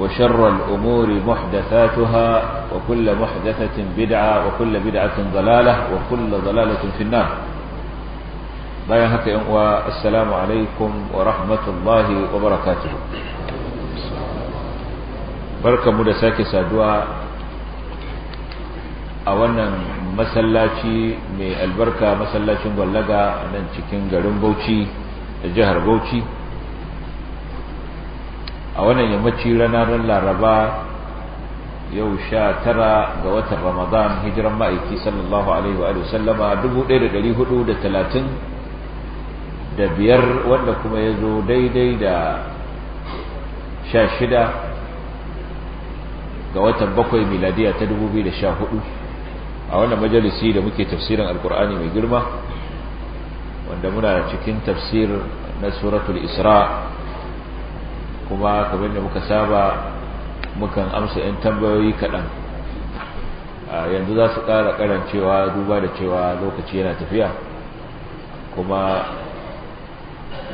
وشر الأمور محدثاتها وكل محدثة بدعة وكل بدعة ضلالة وكل ضلالة في النار بايا هكا والسلام عليكم ورحمة الله وبركاته بركة مدساكي سادوا أولا مسلاتي من البركة مسلاتي مغلقة أنا تكين غرم بوتي جهر بوتي a wannan yammaci ranar laraba yau sha tara ga watan ramadan hijiran ma'aiki sallallahu alaihi wa sallama dubu ɗaya da ɗari hudu da talatin da biyar wanda kuma ya zo daidai da sha shida ga watan bakwai miladiya ta dubu biyu da sha hudu a wannan majalisi da muke tafsirin alkur'ani mai girma wanda muna cikin tafsir na suratul isra' kuma kamar da muka saba mukan amsa 'yan tambayoyi kaɗan yanzu za su ƙara ƙarancewa duba da cewa lokaci yana tafiya kuma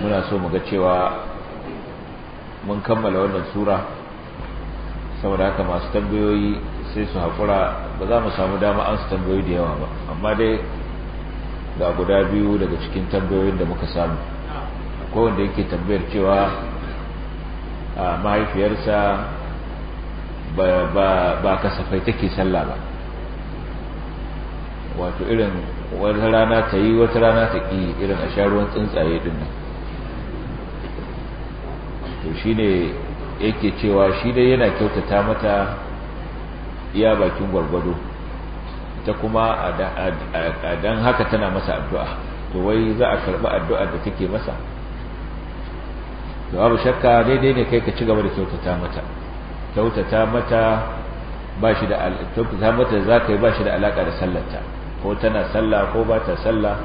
muna so mu ga cewa mun kammala wannan sura saboda haka masu tambayoyi sai su haƙura ba za mu samu dama an su tambayoyi da yawa ba amma dai ga guda biyu daga cikin tambayoyin da muka samu kowanda yake tambayar cewa Ah, mahaifiyarsa ba kasafai take sallah ba wato irin wata rana ta yi wata rana ta ƙi irin a sha ruwan tsuntsaye din nan to shi ne yake cewa shi dai yana kyautata mata iya bakin gwargwado ta kuma a dan haka tana masa addu'a to wai za a karɓi addu'ar da take masa to abu shakka daidai ne kai ka ci gaba da kyautata mata kyautata mata ba shi da kyautata mata za ka yi ba shi da alaka da sallarta ko tana sallah ko ba ta sallah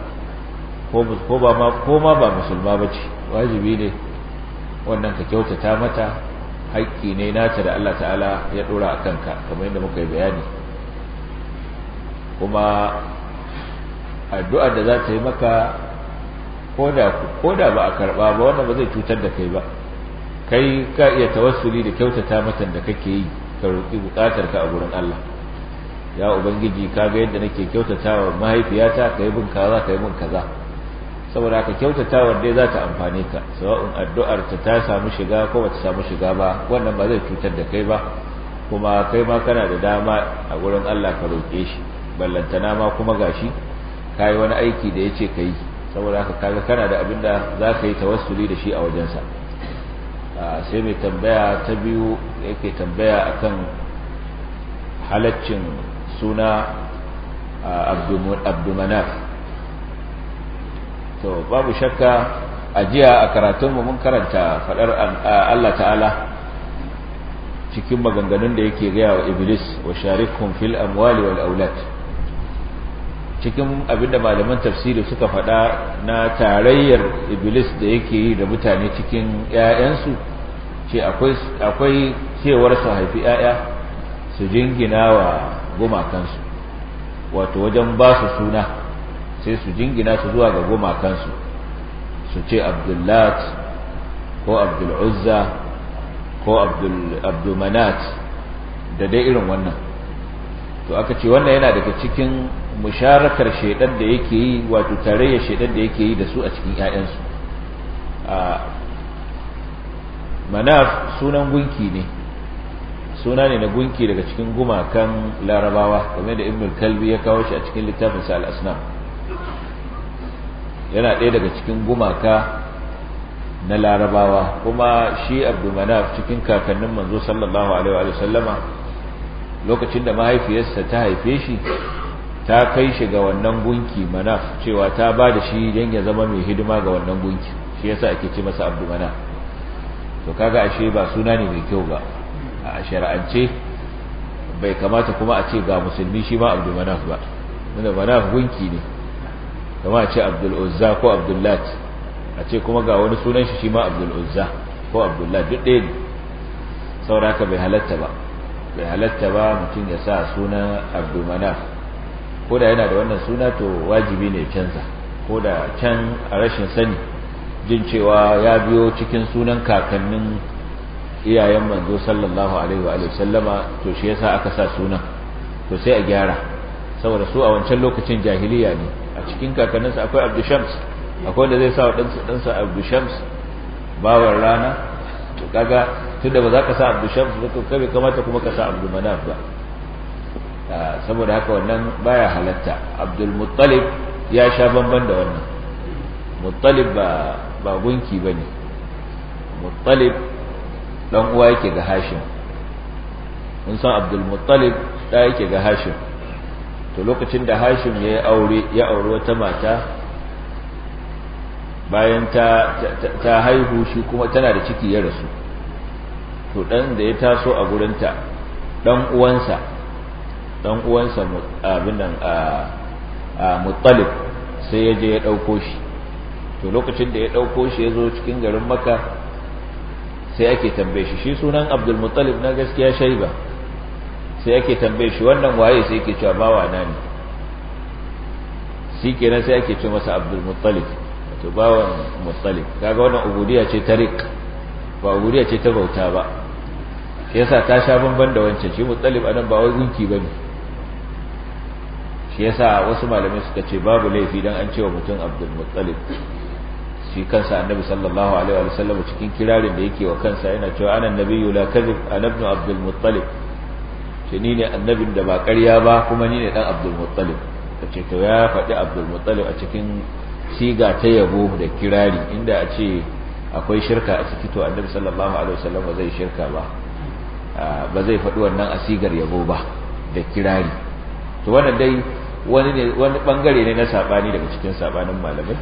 ko ba ma ko ma ba musulma ce wajibi ne wannan ka kyautata mata haƙƙi ne nata da Allah ta'ala ya dora akan ka kamar yadda muka yi bayani kuma addu'ar da za ta yi maka ko da ba a karɓa ba wannan ba zai cutar da kai ba kai ka iya tawassuli da kyautata matan da kake yi ka roƙi buƙatar ka a gurin Allah ya ubangiji ka ga yadda nake wa mahaifiyata ka yi bin kaza ka yi bin kaza saboda ka kyautatawar dai za ta amfane ka sawa'un addu'ar ta ta samu shiga ko ba ta samu shiga ba wannan ba zai cutar da kai ba kuma kai ma kana da dama a gurin Allah ka roƙe shi ballantana ma kuma gashi ka yi wani aiki da ya ce ka saboda haka kaga kana da abin da za ka yi tawassuli da shi a wajensa sai mai tambaya ta biyu yake tambaya kan halaccin suna abdumanaf to babu shakka a jiya a karatunmu mun karanta faɗar Allah ta'ala cikin maganganun da yake gaya wa iblis wa sharikun fil amwali wal aulad cikin abinda malaman tafsiri suka faɗa na tarayyar iblis da yake yi da mutane cikin 'ya'yansu ce akwai cewar su haifi 'ya'ya su jingina wa gumakansu wato wajen ba su suna sai su jingina su zuwa ga gumakansu su ce abdullat ko abdul'uzza ko abdulmanat da dai irin wannan to aka ce wannan yana daga cikin musharakar shaidan da yake yi wato tarayyar shaidan da yake yi da su a cikin ƴaƴansu manaf sunan gunki ne suna ne na gunki daga cikin gumakan larabawa kamar da ibnul kalbi ya kawo shi a cikin littafin sa al-asnam yana ɗaya daga cikin gumaka na larabawa kuma shi abdu manaf cikin kakannin manzo sallallahu alaihi wa sallama lokacin da mahaifiyarsa ta haife shi ta kai shi ga wannan gunki manaf cewa ta ba da shi don ya zama mai hidima ga wannan gunki shi yasa ake ce masa abdu mana to kaga ashe ba suna ne mai kyau ba a shari'ance bai kamata kuma a ce ga musulmi shi ma abdu mana ba wanda manaf gunki ne kama a ce abdul uzza ko abdullat a ce kuma ga wani sunan shi shi ma abdul uzza ko abdullat duk ɗaya ne saboda haka bai halatta ba bai halatta ba mutum ya sa suna abdul manaf ko da yana da wannan suna to wajibi ne canza ko da can a rashin sani jin cewa ya biyo cikin sunan kakannin iyayen manzo sallallahu alaihi wa sallama to shi yasa aka sa sunan to sai a gyara saboda su a wancan lokacin jahiliya ne a cikin kakanninsa akwai Abdul shams akwai wanda zai sa wa ɗansa Abdul shams bawar rana to kaga tunda ba za ka sa Abdul shams ba to kai kamata kuma ka sa Abdul manaf ba Ah, saboda haka wannan baya halatta abdul muttalib ya sha bamban da wannan muttalib ba ba gunki bane muttalib dan uwa yake ga hashim mun san abdul muttalib da yake ga hashim to lokacin da hashim ya aure ya aure wata mata bayan ta ta haihu shi kuma tana da ciki ya rasu to dan da ya taso a gurinta dan uwansa dan uwansa abin nan muttalib sai ya je ya ɗauko shi to lokacin da ya ɗauko shi ya zo cikin garin maka sai ake tambaye shi shi sunan abdul muttalib na gaskiya shaiba sai ake tambaye shi wannan waye sai yake cewa bawa na ne shi kenan sai ake ce masa abdul muttalib wato bawan muttalib kaga wannan ubudiya ce ta rik ba ubudiya ce ta bauta ba yasa ta sha bamban da wancan shi muttalib anan ba wai gunki bane shi yasa wasu malamai suka ce babu laifi dan an cewa mutum abdul muttalib shi kansa annabi sallallahu alaihi wa sallam cikin kirarin da yake wa kansa yana cewa ana nabiyyu la kadhib ana ibn abdul muttalib ce ni ne annabin da ba ƙarya ba kuma ni ne dan abdul muttalib kace to ya faɗi abdul muttalib a cikin siga ta yabo da kirari inda a ce akwai shirka a ciki to annabi sallallahu alaihi wa sallam ba zai shirka ba ba zai faɗi wannan asigar yabo ba da kirari to wannan dai wani ne wani bangare ne na sabani daga cikin sabanin malamai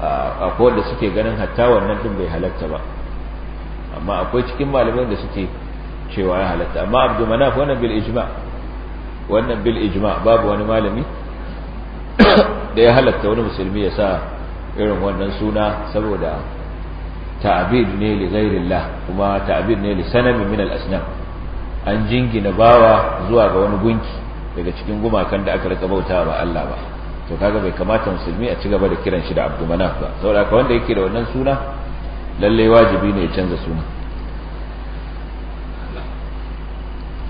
akwai wanda suke ganin hatta wannan din bai halatta ba amma akwai cikin malamai da suke cewa ya halatta amma Abdul manaf wannan bil ijma wannan bil ijma babu wani malami da ya halatta wani musulmi ya sa irin wannan suna saboda ta'abid ne li ghairillah kuma ta'abid ne li sanami min al-asnam an jingina bawa zuwa ga wani gunki daga cikin gumakan da aka rika bauta ba Allah ba to kaga bai kamata musulmi a ci gaba da kiran shi da abdumanaf ba saboda haka wanda yake da wannan suna lalle wajibi ne ya canza suna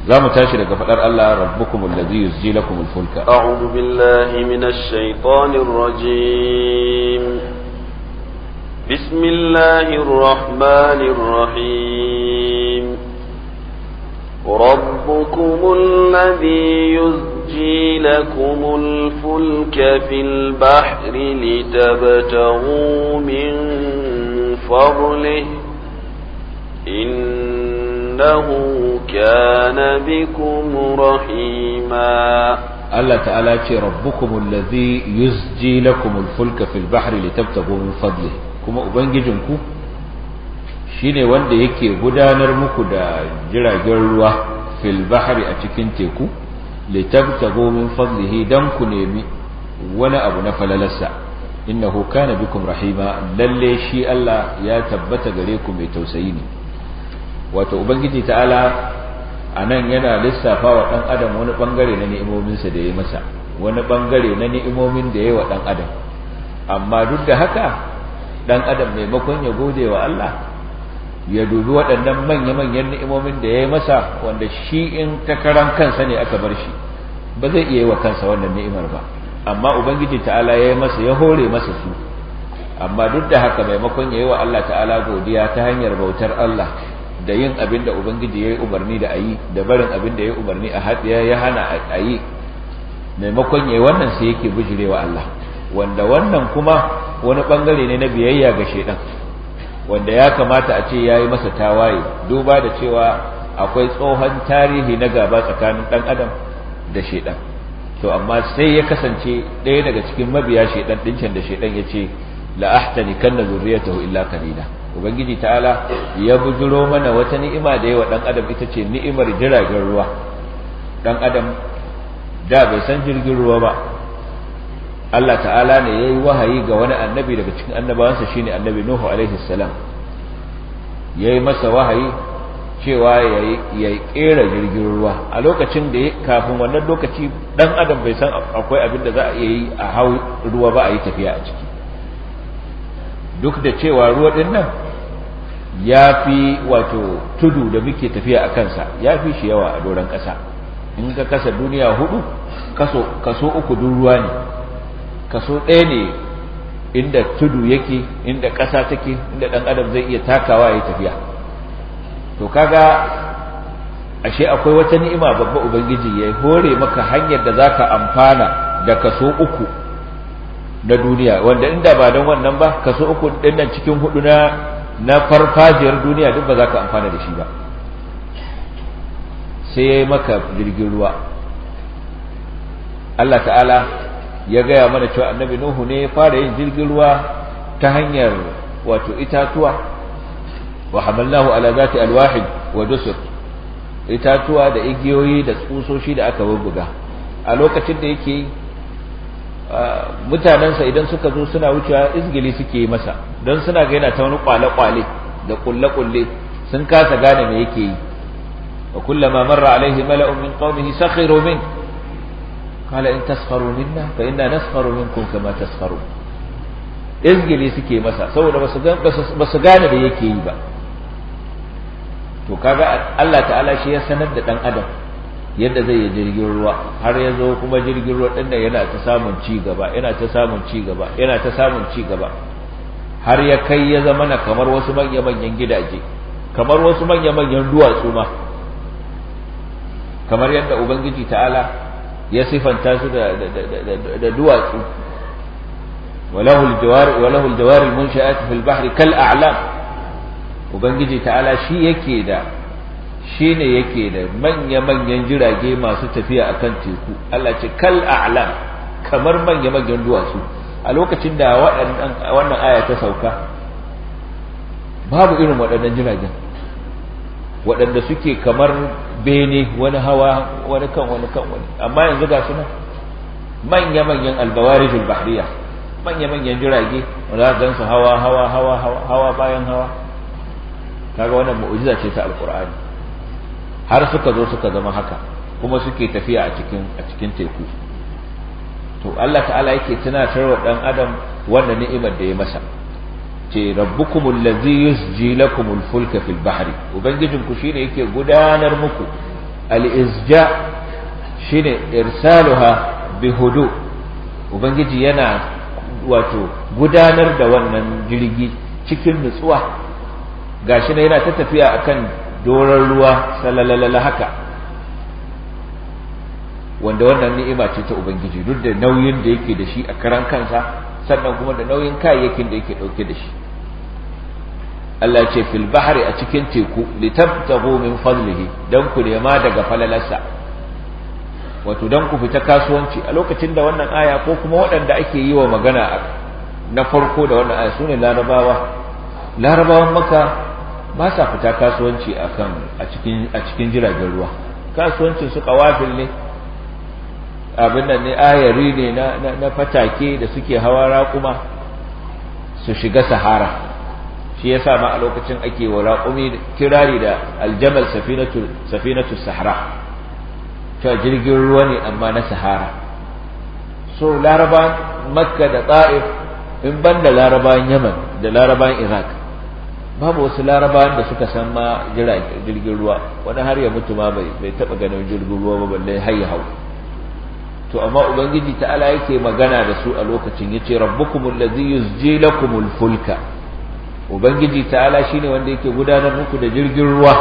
za mu tashi daga faɗar Allah rabbukum allazi yusji lakum alfulka a'udhu billahi minash shaitanir rajim bismillahir rahmanir rahim ربكم الذي يزجي لكم الفلك في البحر لتبتغوا من فضله إنه كان بكم رحيما ألا تعالى ربكم الذي يزجي لكم الفلك في البحر لتبتغوا من فضله كما أبنجي جنكو shine wanda yake gudanar muku da jiragen ruwa fil bahari a cikin teku litabtagu min fadlihi dan ku nemi wani abu na falalarsa innahu kana bikum rahima lalle shi Allah ya tabbata gare ku mai tausayi ne wato ubangiji ta'ala nan yana lissafa wa dan adam wani bangare na ni'imominsa da ya masa wani bangare na ni'imomin da ya wa dan adam amma duk da haka ɗan adam maimakon ya gode wa Allah ya dubi waɗannan manya-manyan ni'imomin da ya yi masa wanda shi in takaran kansa ne aka bar shi ba zai iya yi wa kansa wannan ni'imar ba amma ubangiji ta'ala ya yi masa ya hore masa su amma duk da haka maimakon ya yi wa Allah ta'ala godiya ta hanyar bautar Allah da yin abin da ubangiji ya yi umarni da a yi da barin abin da ya yi umarni a haɗiya ya hana a yi maimakon ya yi wannan sai yake bijirewa Allah wanda wannan kuma wani ɓangare ne na biyayya ga shaidan wanda ya kamata a ce ya yi masa tawaye duba da cewa akwai tsohon tarihi na gaba tsakanin ɗan adam da shaidan to amma sai ya kasance ɗaya daga cikin mabiya shaiɗan ɗincan da shaiɗan ya ce la ahtanikanna zurriyatahu illa qalila ubangiji ta'ala ya bujuro mana wata ni'ima da yawa ɗan adam ita ce ni'imar jiragen ruwa Ɗan adam da bai san jirgin ruwa ba Allah ta'ala ne ya yi wahayi ga wani annabi daga cikin annabawansa ne annabi Nuhu alaihi salam yi masa wahayi cewa ya kera jirgin ruwa a lokacin da kafin wannan lokaci ɗan adam bai san akwai abin da za a yi a hau ruwa ba a yi tafiya a ciki duk da cewa ruwa ɗin nan ya fi wato tudu da muke tafiya a kansa ya fi shi yawa a doron ƙasa in ka kasa duniya hudu kaso uku duk ruwa ne kaso ɗaya ne inda tudu yake inda ƙasa take inda ɗan adam zai iya takawa ya tafiya to kaga ashe akwai wata ni'ima babba ubangiji ya hore maka hanyar da zaka amfana da kaso uku na duniya wanda inda ba don wannan ba kaso uku dinnan cikin hudu na na farfajiyar duniya duk ba za ka amfana da shi ba sai ya yi maka jirgin ruwa Allah ta'ala ya gaya mana cewa annabi nuhu ne ya fara yin jirgin ruwa ta hanyar wato itatuwa wa hamallahu ala zati alwahid wa dusur itatuwa da igiyoyi da tsusoshi da aka buga. a lokacin da yake mutanensa idan suka zo suna wucewa izgili suke yi masa don suna ga yana ta wani kwale-kwale da kulle-kulle sun kasa gane me yake yi wa kullama marra alaihi mala'u min qaumihi sakhiru min قال إن تسخروا منا فإنا نسخر منكم كما تسخرون izgili suke masa saboda ba su gane da yake yi ba to kaga Allah ta'ala shi ya sanar da dan adam yadda zai yi jirgin ruwa har ya zo kuma jirgin ruwa ɗin da yana ta samun ci gaba yana ta samun ci gaba yana ta samun ci gaba har ya kai ya zama na kamar wasu manya-manyan gidaje kamar wasu manya-manyan duwatsu ma kamar yadda ubangiji ta'ala ya sifanta su da duwatsu walahul jawar walahul jawar fil bahri kal a'lam ubangiji ta'ala shi yake da shi ne yake da manya-manyan jirage masu tafiya akan teku Allah ce kal a'lam kamar manya-manyan duwatsu a lokacin da wannan aya ta sauka babu irin waɗannan jiragen waɗanda suke kamar bene wani hawa wani kan wani kan wani amma yanzu ga suna manya-manyan albawari bahriya manya-manyan jirage wanda za su hawa hawa hawa hawa bayan hawa kaga wannan mu'jiza ce ta alkur'ani har suka zo suka zama haka kuma suke tafiya a cikin a cikin teku to Allah ta'ala yake tunatar wa dan adam wannan ni'imar da ya masa ce rabbukumul ladzi yusji lakumul fulka fil bahri ubangijin ku shine yake gudanar muku al izja shine irsaluha bi hudu ubangiji yana wato gudanar da wannan jirgi cikin nutsuwa gashi ne yana ta tafiya akan doron ruwa salalalala haka wanda wannan ni'ima ce ta ubangiji duk da nauyin da yake da shi a karan kansa sannan kuma da nauyin kayayyakin da yake dauke da shi Allah ya ce fil bahri a cikin teku litabtaghu min fadlihi dan ku nema daga falalarsa wato dan ku fita kasuwanci a lokacin da wannan aya ko kuma waɗanda ake yi wa magana na farko da wannan aya sune larabawa larabawan maka ba sa fita kasuwanci akan a cikin a cikin jiragen ruwa kasuwancin su kawafil ne abin nan ne ayari ne na fatake da suke hawa raƙuma su shiga sahara shi yasa ma a lokacin ake wa raƙumi kirari da aljamal safinatu sahara ta jirgin ruwa ne amma na sahara so Laraban, makka da ta'if in ban da yaman da Laraban iraq babu wasu Laraban da suka san ma jirgin ruwa wani har ya mutu ma bai taɓa ganin jirgin ruwa ba balle hau to amma ubangiji ta ta'ala yake magana da su a lokacin yace rabbukumul ladzi yusji lakumul fulka ubangiji ta'ala shine wanda yake gudanar muku da jirgin ruwa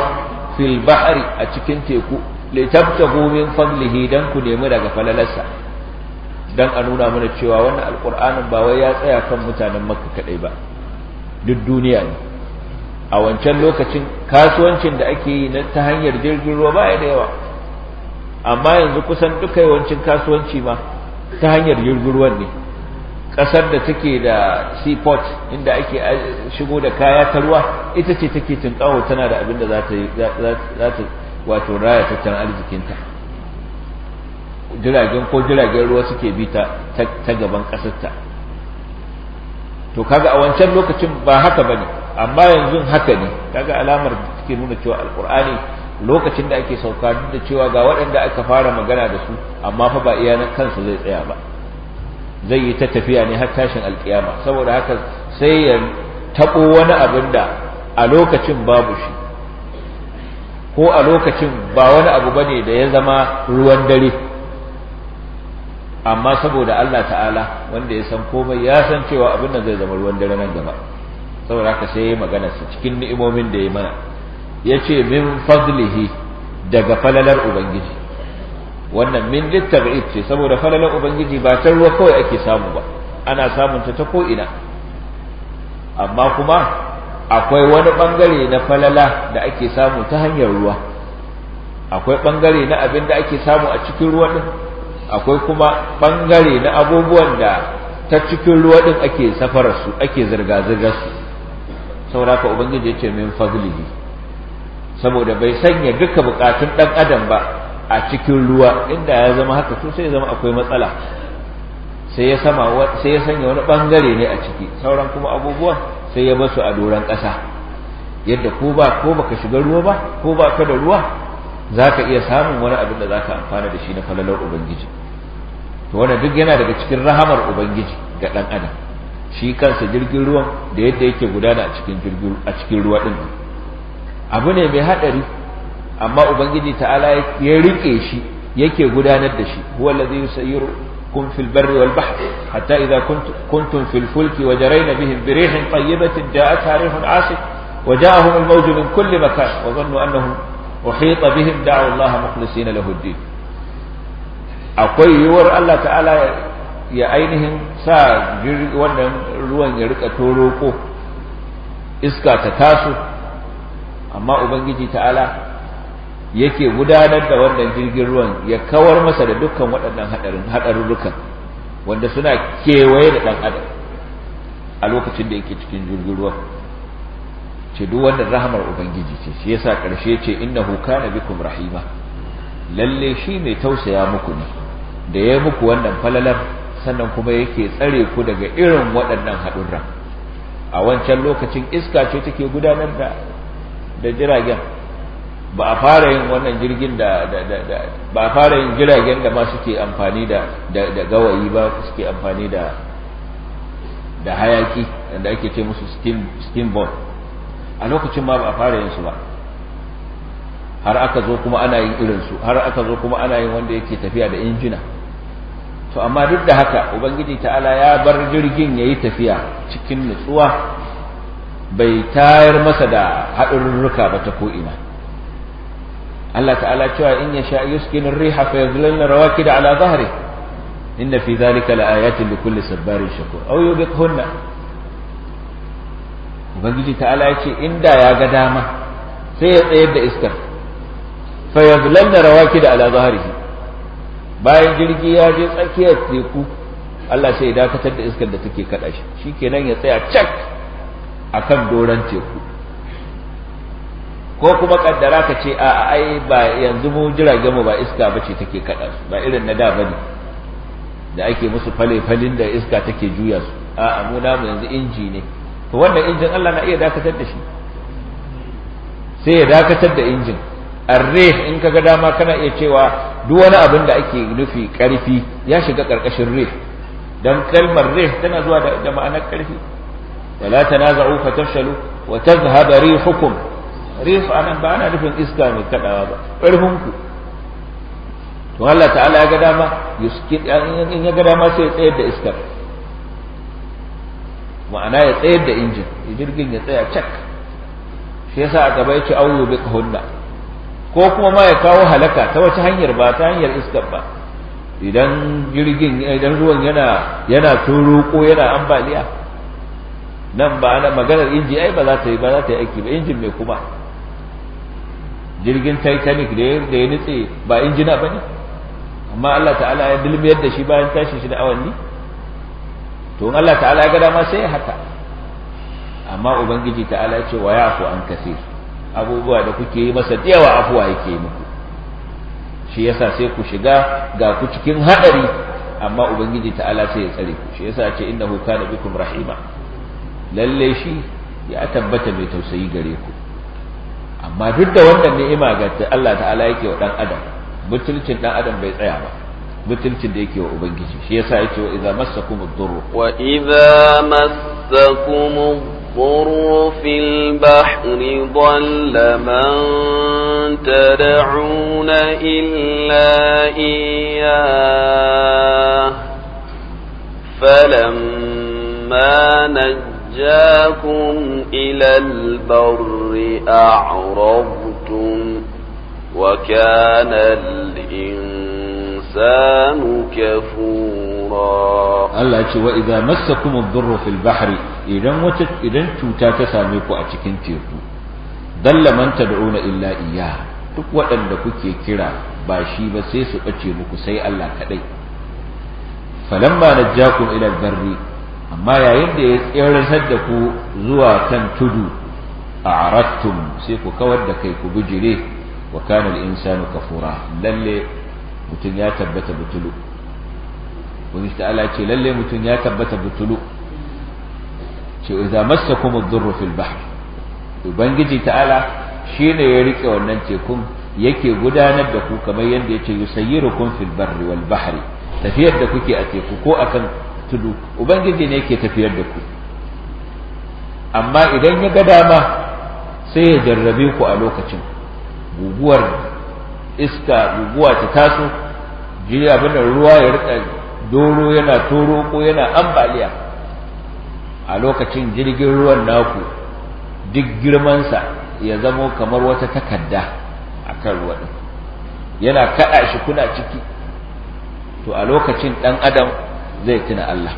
fil bahri a cikin teku litabtahu min fadlihi dan ku nemi daga falalarsa dan a nuna mana cewa wannan alqur'anin ba wai ya tsaya kan mutanen makka kadai ba duk duniya ne a wancan lokacin kasuwancin da ake yi na ta hanyar jirgin ruwa ba da yawa amma yanzu kusan duka yawancin kasuwanci ma ta hanyar jirgin ne ƙasar da take da seaport inda ake shigo da kaya ta ruwa ita ce take tunƙawo tana da abin da za ta wato raya tattalin arzikinta jiragen ko jiragen ruwa suke bi ta ta gaban ƙasarta to kaga a wancan lokacin ba haka ba ne amma yanzu haka ne kaga alamar da take nuna cewa Alƙur'ani. lokacin da ake sauka duk da cewa ga waɗanda aka fara magana da su amma fa ba iya na kansa zai tsaya ba zai yi ta tafiya ne har tashin alkiyama saboda haka sai ya tabo wani abin da a lokacin babu shi ko a lokacin ba wani abu bane da ya zama ruwan dare amma saboda Allah ta'ala wanda ya san komai ya san cewa abin nan zai zama ruwan dare nan gaba saboda haka sai ya magana cikin ni'imomin da ya mana Ya ce min fadlihi daga falalar ubangiji wannan min littabi'id ce saboda falalar ubangiji ba ta ruwa kawai ake samu ba ana samun ta ko'ina. amma kuma akwai wani ɓangare na falala da ake samu ta hanyar ruwa akwai bangare na abin da ake samu a cikin ruwa din akwai kuma ɓangare na abubuwan da ta cikin ruwa din ake safararsu, su ake zirga zirgar su saboda ka ubangiji ya ce min fadlihi saboda bai sanya duka bukatun dan adam ba a cikin ruwa inda ya zama haka to sai zama akwai matsala sai ya ya sanya wani bangare ne a ciki sauran kuma abubuwan sai ya basu a doran ƙasa yadda ko ba ko baka shiga ruwa ba ko ba ka da ruwa zaka iya samun wani abin da zaka amfana da shi na falalar ubangiji to wannan duk yana daga cikin rahamar ubangiji ga dan adam shi kansa jirgin ruwan da yadda yake gudana a cikin a cikin ruwa din abu ne mai hadari amma ubangiji ta'ala ya rike shi yake gudanar da shi huwa allazi yusayyiru kun fil barri wal bahr hatta idha kuntum fil fulki wa jarayna bihim bi rihin tayyibatin ja'at harihun asif wa ja'ahum al mawju min kulli makan wa dhannu annahum uhita bihim da'u Allah mukhlisina lahu ad akwai yiwuwar Allah ta'ala ya ainihin sa wannan ruwan ya rika toroko iska ta taso amma ubangiji ta'ala yake gudanar da wannan jirgin ruwan ya kawar masa da dukkan waɗannan haɗarurrukan wanda suna kewaye da ɗan adam a lokacin da yake cikin jirgin ruwan ce duk wannan rahamar ubangiji ce shi yasa ƙarshe ce huka na bikum rahima lalle shi ne tausaya muku ne da ya muku wannan falalar sannan kuma yake tsare ku daga irin waɗannan haɗurra a wancan lokacin iska ce take gudanar da da jiragen ba a fara yin wannan jirgin da ba a fara yin jiragen da ma suke amfani da da gawayi ba suke amfani da da hayaki da ake ce musu steam boat a lokacin ma ba a fara yin su ba har aka zo kuma ana yin irin su har aka zo kuma ana yin wanda yake tafiya da injina to amma duk da haka ubangiji ta'ala ya bar jirgin yayi tafiya cikin nutsuwa bai tayar masa da haɗin rurruka ba ta ko'ina Allah ta'ala cewa in ya sha yuskin riha fa yazlalna da ala zahri inna fi zalika laayatin likulli sabbarin shakur aw yubiqhunna ubangiji ta'ala ya ce inda ya ga dama sai ya tsayar da iskar fa ke da ala zahrihi bayan jirgi ya je tsakiyar teku Allah sai ya dakatar da iskar da take kada shi shikenan ya tsaya cak akan doron teku ko kuma kaddara ka ce a ai ba yanzu mu jirage mu ba iska bace take kada su ba irin na da bane da ake musu fale falin da iska take juya su a mu namu yanzu inji ne to wannan injin Allah na iya dakatar da shi sai ya dakatar da injin arre in kaga dama kana iya cewa duk wani abin da ake nufi karfi ya shiga karkashin reh dan kalmar reh tana zuwa da ma'anar karfi wala tanaza'u tafshalu. wa tadhhaba rihukum rih anan ba ana nufin iska mai kadawa ba ƙarfin ku to Allah ta'ala ya ga dama in ya ga dama sai tsayar da iskar ma'ana ya tsayar da injin jirgin ya tsaya cak shi yasa a gaba yake auyo bi kahunna ko kuma ma ya kawo halaka ta wata hanyar ba ta hanyar iskar ba idan jirgin idan ruwan yana yana ko yana ambaliya nan ba na maganar inji ai ba za ta yi ba za ta yi aiki ba injin mai kuma jirgin titanic da ya nutse ba injina ba ne amma Allah ta'ala ya dilmiyar da shi bayan tashi shi da awanni to Allah ta'ala ya gada ma sai ya haka amma ubangiji ta'ala ya ce wa yafu an kasir abubuwa da kuke yi masa yawa afuwa yake muku shi yasa sai ku shiga ga ku cikin haɗari amma ubangiji ta'ala sai ya tsare ku shi yasa ce innahu kana bikum rahima lalle shi ya tabbata mai tausayi gare ku amma duk da wannan ni'ima ga Allah ta'ala yake wa dan adam mutuncin dan adam bai tsaya ba mutuncin da yake wa ubangiji shi yasa yake wa idza massakum durr wa idza massakum ad-durr fil bahri dhalla man tad'una illa iyyah falamma نجاكم إلى البر أعرضتم وكان الإنسان كفورا الله يقول وإذا مسكم الضر في البحر إذن توتا تساميكو أتكين تيركو دل من تدعون إلا إياه duk waɗanda kuke kira ba shi ba sai su ɓace muku sai Allah kaɗai falamma najjakum ila barri amma yayin da ya tsirrantar da ku zuwa kan tudu a arattum sai ku kawar da kai ku bijire wa kana al-insanu kafura lalle mutum ya tabbata butulu wani ta'ala ce lalle mutum ya tabbata butulu ce idza massakum kuma durru fil bahr ubangiji ta'ala shine ya riƙe wannan tekun yake gudanar da ku kamar yadda ya yace yusayyirukum fil barri wal bahri tafiyar da kuke a teku ko akan tudu ubangiji ne ke tafiyar da ku amma idan ya ga dama sai ya jarrabe ku a lokacin guguwar iska guguwa ta taso Jiya abin da ruwa ya rika doro yana toro ko yana ambaliya a lokacin jirgin ruwan naku duk girmansa ya zamo kamar wata takarda a kan ruwa yana kaɗa shi kuna ciki to a lokacin ɗan adam zai tuna Allah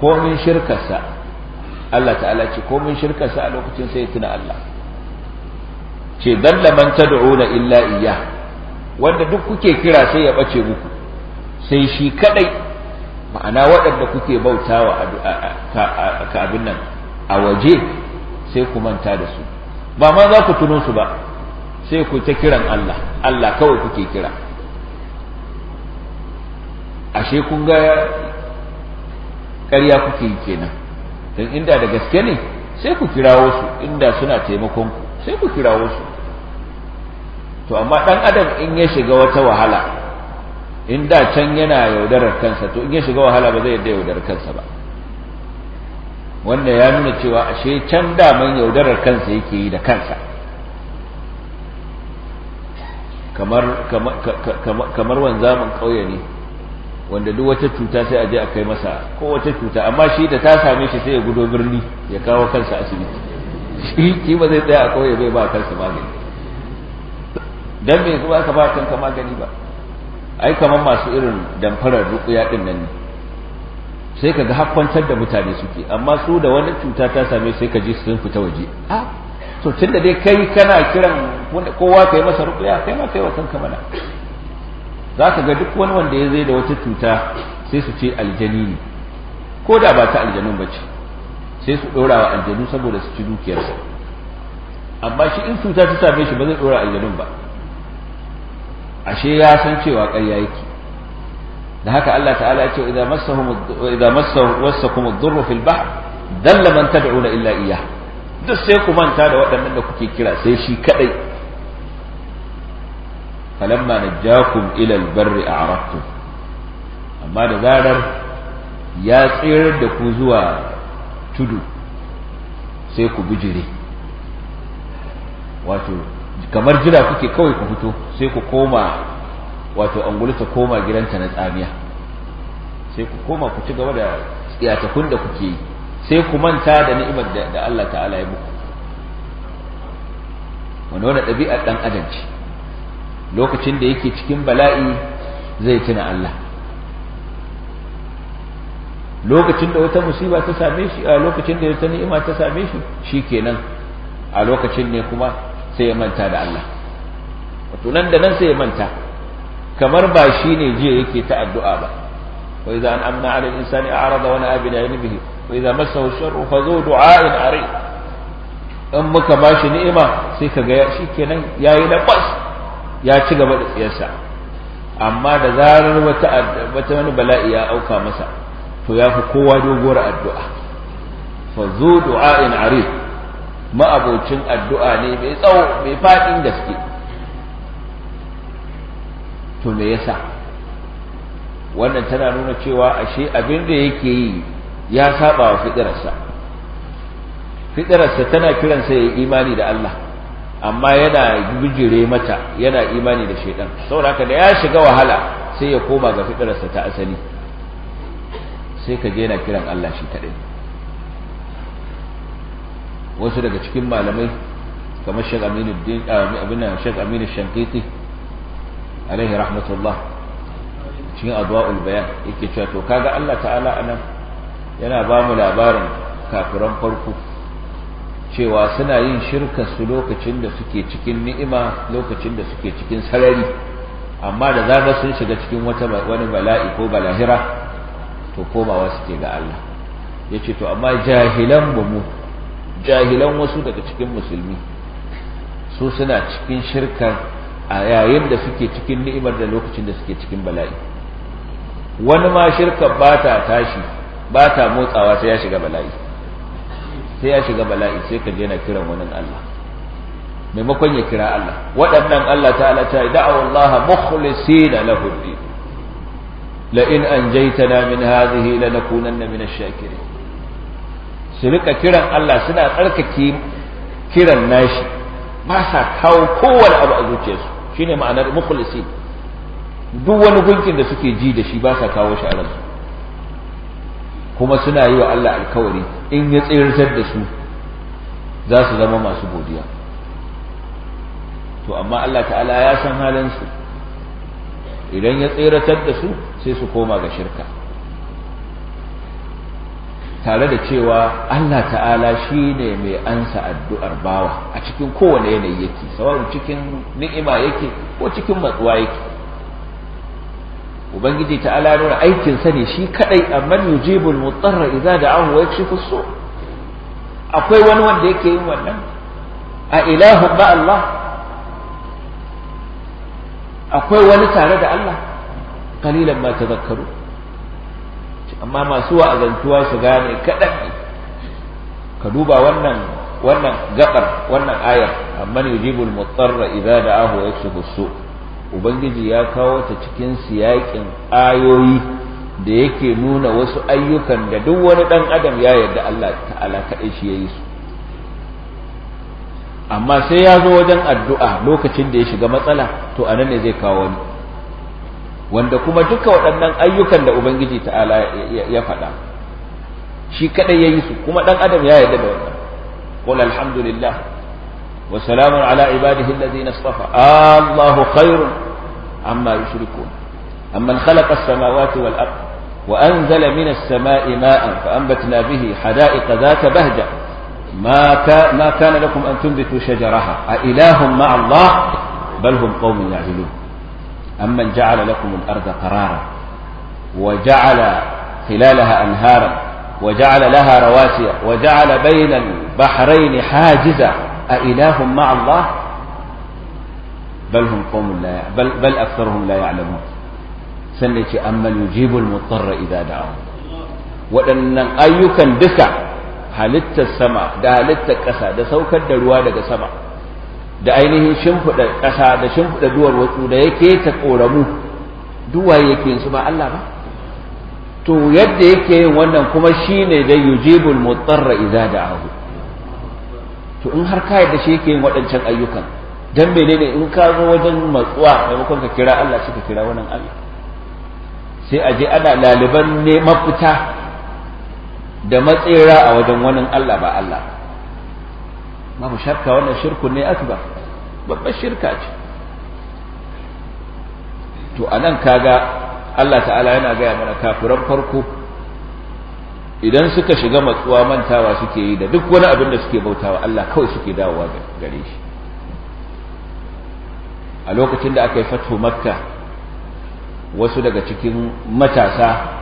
komin shirkarsa Allah ta'ala ce komin shirkarsa a lokacin sai ya tuna Allah ce dalla man tad'una illa iya wanda duk kuke kira sai ya bace muku sai shi kadai ma'ana waɗanda kuke bautawa ka abin nan a waje sai ku manta da su ba ma za ku tuno su ba sai ku ta kiran Allah Allah kawai kuke kira ashe kun ga ƙarya kuke yi kenan don inda da gaske ne sai ku kirawo su inda suna taimakon ku sai ku kirawo su to amma ɗan adam in ya shiga wata wahala in da can yana yaudarar kansa to in ya shiga wahala ba zai yadda yaudarar kansa ba wanda ya nuna cewa ashe can daman yaudarar kansa yake yi da kansa kamar kamar wanzamin ƙauye ne wanda duk wata cuta sai a je a kai masa ko wata cuta amma shi da ta same shi sai ya gudo birni ya kawo kansa asibiti shi ki ba zai tsaya a kauye bai ba kansa magani dan me zuwa ka ba kanka magani ba ai kamar masu irin damfarar rukuya din nan ne sai kaga hakkantar da mutane suke amma su da wani cuta ta same sai ka ji sun fita waje a ah, to tunda dai kai kana kiran kowa kai masa rukuya kai ma kai wa kanka mana za ka ga duk wani wanda ya zai da wata cuta sai su ce aljani ne ko da ba ta aljanun bace sai su ɗora wa aljanu saboda su ci dukiyarsa amma shi in cuta ta same shi ba zai ɗora aljanun ba ashe ya san cewa ƙarya yake da haka Allah ta'ala ya ce idza massahum idza massahu wasakum ad-durru fil bahr dalla man tad'una illa iyyah duk sai ku manta da waɗannan da kuke kira sai shi kadai falamma najjakum ila albarri a'raftum amma da zarar ya tsayar da ku zuwa tudu sai ku bijire wato kamar jira kuke kawai ku fito sai ku koma wato angulta koma gidanta na tsamiya sai ku koma ku ci gaba da tsiyatakun da kuke sai ku manta da ni'imar da Allah ta'ala ya muku wani wani ɗabi'ar ɗan adam lokacin da yake cikin bala'i zai tuna Allah lokacin da wata musiba ta same shi a lokacin da wata ni'ima ta same shi shikenan a lokacin ne kuma sai ya manta da Allah wato nan da nan sai ya manta kamar ba shi ne jiya yake ta addu'a ba wa idza an'amna 'ala al-insani a'rada wa na'a bi bihi wa idza massahu sharru fa zu du'a'in 'arid in muka shi ni'ima sai kaga shikenan yayi bas ya ci gaba da tsiyarsa amma da zarar wata wata wani bala'i ya auka masa to ya fi kowa doguwar addu'a fa zu du'a'in arif ma'abocin addu'a ne mai tsawo mai faɗin gaske to me yasa wannan tana nuna cewa ashe abin da yake yi ya saba wa fitirarsa fitirarsa tana kiransa ya imani da Allah amma yana bijire mata yana imani da shaidan saboda haka da ya shiga wahala sai ya koma ga fitararsa ta asali sai ka je yana kiran Allah shi kaɗai wasu daga cikin malamai kamar Sheikh Aminuddin ah, abin nan Sheikh Aminu Shankiti alaihi rahmatullah cikin adwa'ul bayan yake cewa to kaga Allah ta'ala anan yana ba mu labarin kafiran farko cewa suna yin shirka su lokacin da suke cikin ni'ima lokacin da suke cikin sarari amma da zarar sun shiga cikin wata wani bala'i ko balahira to komawa suke ga Allah yace to amma jahilan mu jahilan wasu daga cikin musulmi su suna cikin shirkar a yayin da suke cikin ni'imar da lokacin da suke cikin bala'i wani ma shirkar ta tashi ba ta motsawa sai ya shiga bala'i sai ya shiga bala'i sai ka daina kiran wani Allah maimakon ya kira Allah waɗannan Allah ta'ala ta yi da'awa Allah mukhlisina lahu din la in anjaytana min hadhihi lanakunanna min ash-shakirin su rika kiran Allah suna tsarkake kiran nashi ba sa kawo kowane abu a zuciyarsu shine ma'anar mukhlisin duk wani gunkin da suke ji da shi ba sa kawo shi a ransu kuma suna yi wa Allah alkawari in ya tsirtar da su za su zama masu godiya to amma Allah ta'ala ya san halin idan ya tsiratar da su sai su koma ga shirka tare da cewa Allah ta'ala shi ne mai ansa addu'ar bawa a cikin kowane yanayi yake sawa'un cikin ni'ima yake ko cikin matsuwa yake ubangiji ta'ala nuna aikin sa ne shi kadai amma yujibul mutarra idza da'ahu wa yakshifu su akwai wani wanda yake yin wannan a ilahu ba Allah akwai wani tare da Allah kalilan ma tazakkaru amma masu wa'azantuwa su gane kadan ka duba wannan wannan gabar wannan ayar amma yujibul mutarra idza da'ahu wa yakshifu su' ubangiji ya kawo ta cikin siyakin ayoyi da yake nuna wasu ayyukan da duk wani dan adam ya yarda Allah ta'ala kaɗai shi yayi su amma sai ya zo wajen addu'a lokacin da ya shiga matsala to anan ne zai kawo wani wanda kuma duka waɗannan ayyukan da ubangiji ta'ala ya faɗa shi kaɗai yayi su kuma dan adam ya yarda da wannan qul alhamdulillah وسلام على عباده الذين اصطفى آه الله خير عما يشركون أمن خلق السماوات والأرض وأنزل من السماء ماء فأنبتنا به حدائق ذات بهجة ما كان, ما كان لكم أن تنبتوا شجرها أإله مع الله بل هم قوم يعدلون أمن جعل لكم الأرض قرارا وجعل خلالها أنهارا وجعل لها رواسي وجعل بين البحرين حاجزا أإله مع الله بل هم قوم لا بل بل أكثرهم لا يعلمون سنة أما يجيب المضطر إذا دعوه وأن أيك دسع حالت السماء ده هل التكسى ده سوك الدلوا ده السماء ده أينه شنف ده كسى ده شنف ده دور وده يكي تقولمو دوا يكي سبع الله تو يد يكي وأن كما شين ده يجيب المضطر إذا دعوه to in har ka yadda shi yake yin waɗancan ayyukan dan menene in ka zo wajen matsuwa maimakon ka kira Allah shi ka kira wannan abin sai a je ana laliban ne mafita da matsera a wajen wannan Allah ba Allah ba mu shakka wannan shirku ne akbar babban shirka ce to anan kaga Allah ta'ala yana gaya mana kafiran farko idan suka shiga matsuwa mantawa suke yi da duk wani abin da suke bautawa Allah kawai suke dawowa gare shi a lokacin da aka yi fatu makka wasu daga cikin matasa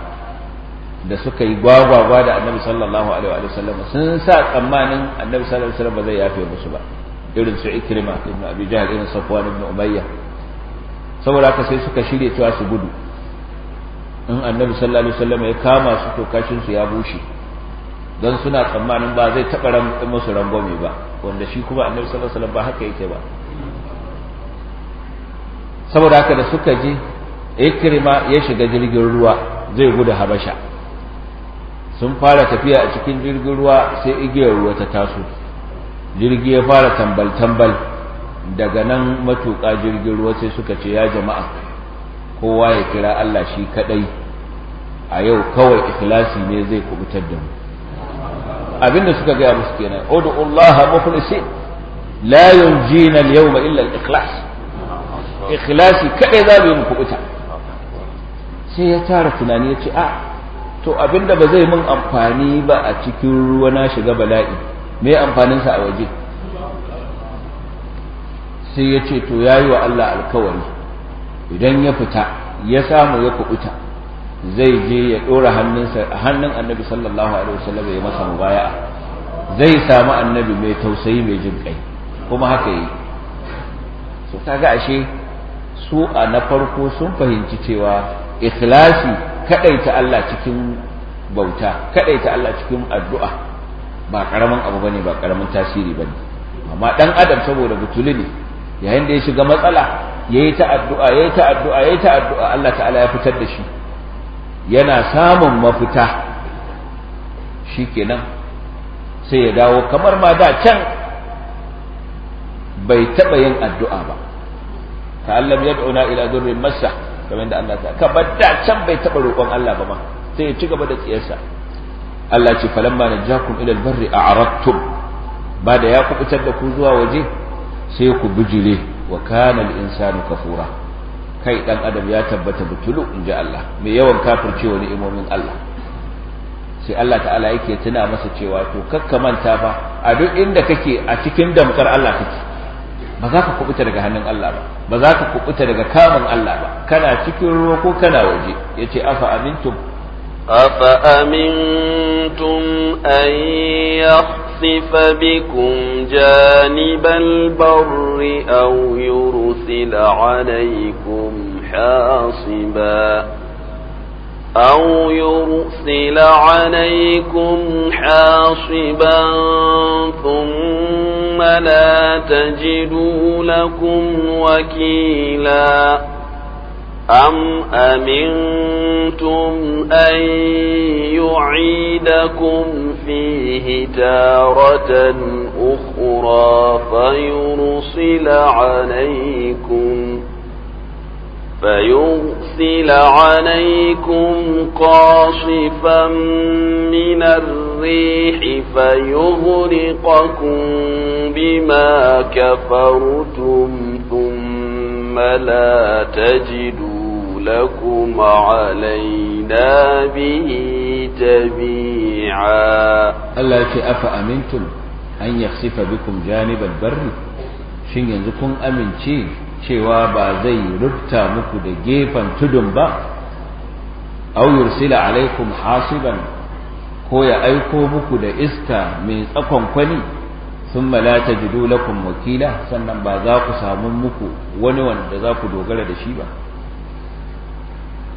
da suka yi gwagwagwa da annabi sallallahu alaihi wa sallam sun sa tsammanin annabi sallallahu alaihi wa sallam ba zai yafe musu ba irin su ikrima ibn abi jahl irin safwan ibn umayya saboda haka sai suka shirye cewa su gudu in annabi sallallahu alaihi wasallam ya kama su to kashin su ya bushe don suna tsammanin ba zai taɓa musu rangwame ba wanda shi kuma annabi sallallahu alaihi wasallam ba haka yake ba saboda haka da suka je ikrima ya shiga jirgin ruwa zai gudu habasha sun fara tafiya a cikin jirgin ruwa sai igiyar ruwa ta taso jirgi ya fara tambal tambal daga nan matuƙa jirgin ruwa sai suka ce ya jama'a kowa ya kira Allah shi kadai a yau kawai ikhlasi ne zai kubutar da mu abinda suka gaya musu kenan udu Allah mukhlisin la yunjina al-yawma illa al-ikhlas ikhlasi kadai za mu yi mu kubuta sai ya tara tunani ya ce a ah, to abinda ba zai mun amfani ba a cikin ruwa na shiga bala'i me amfaninsa a waje sai ya ce to yayi wa Allah alkawari idan ya fita ya samu ya kubuta zai je ya ɗora hannunsa a hannun annabi sallallahu alaihi wasallam ya masa mubaya zai samu annabi mai tausayi mai jin kai kuma haka yi so ta ga ashe su a na farko sun fahimci cewa ikhlasi ta Allah cikin bauta ta Allah cikin addu'a ba karaman abu bane ba karamin tasiri bane amma dan adam saboda butuli yayin da ya shiga matsala yayi ta addu'a yayi ta addu'a yayi ta addu'a Allah ta'ala ya fitar da shi yana samun mafita shikenan sai ya dawo kamar ma da can bai taɓa yin addu'a ba ta'allam yad'una ila dhurrin masa kamar da Allah ta kamar da can bai taba roƙon Allah ba ma sai ya ci gaba da tsiyarsa Allah ce falamma najakum ila albarri a'radtum ba da ya kubutar da ku zuwa waje sai ku bijire wa kana al-insanu kafura kai dan adam ya tabbata butulu inji Allah me yawan wani imomin Allah sai Allah ta'ala yake tuna masa cewa to kakka manta fa a duk inda kake a cikin damkar Allah kake ba za ka kubuta daga hannun Allah ba ba za ka kubuta daga kamun Allah ba kana cikin ruwa ko kana waje yace afa amintum أفأمنتم أن يخصف بكم جانب البر أو يرسل عليكم حاصبا أو يرسل عليكم حاصبا ثم لا تجدوا لكم وكيلاً أم أمنتم أن يعيدكم فيه تارة أخرى فيرسل عليكم فيرسل عليكم قاصفا من الريح فيغرقكم بما كفرتم ثم لا تجدوا لكم علينا به جميعا الله يتي أفأمنتم أن يخسف بكم جانب البر shin yanzu kun amince cewa ba zai rubta muku da gefen tudun ba aw yursila alaikum hasiban ko ya aiko muku da iska mai tsakon kwali sun malata tajidu lakum wakila sannan ba za ku samu muku wani wanda za ku dogara da shi ba